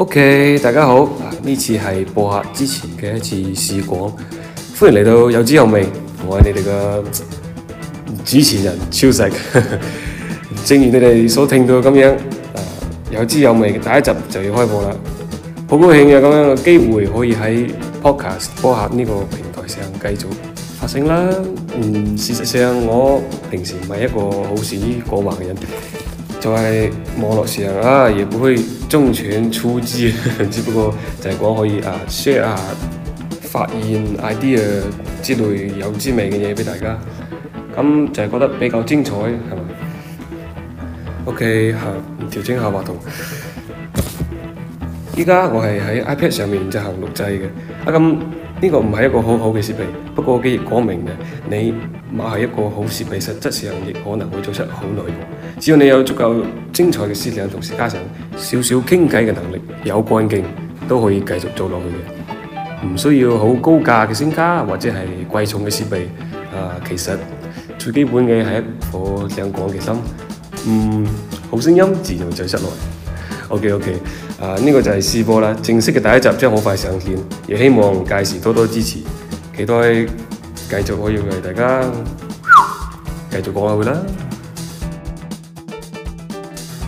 OK，大家好，呢次係播客之前嘅一次試講，歡迎嚟到有滋有味，我係你哋嘅主持人超食。 正如你哋所聽到咁樣、啊，有滋有味嘅第一集就要開播啦，好高興有咁樣嘅機會可以喺 Podcast 播客呢個平台上繼續發聲啦。嗯，事實上我平時唔係一個好善於講話嘅人。就在網絡上啊，也不會重拳出擊，只不過就係講可以啊 share 下，啊、發現 idea 之類有滋味嘅嘢俾大家，咁就係覺得比較精彩，係嘛？OK，嚇、啊，調整下畫圖。依家我係喺 iPad 上面進行錄製嘅，啊咁呢、這個唔係一個好好嘅設備，不過既然講明嘅，你冇係一個好設備，實質上亦可能會做出好內容。只要你有足夠精彩嘅思想，同時加上少少傾偈嘅能力，有幹勁都可以繼續做落去嘅，唔需要好高價嘅聲卡或者係貴重嘅設備。啊，其實最基本嘅係一顆想講嘅心，嗯，好聲音自然就出來。O K O K，啊呢個就係試播啦，正式嘅第一集將好快上線，也、really uh, the 希望屆時多多支持，期待繼續可以為大家繼續講下去啦。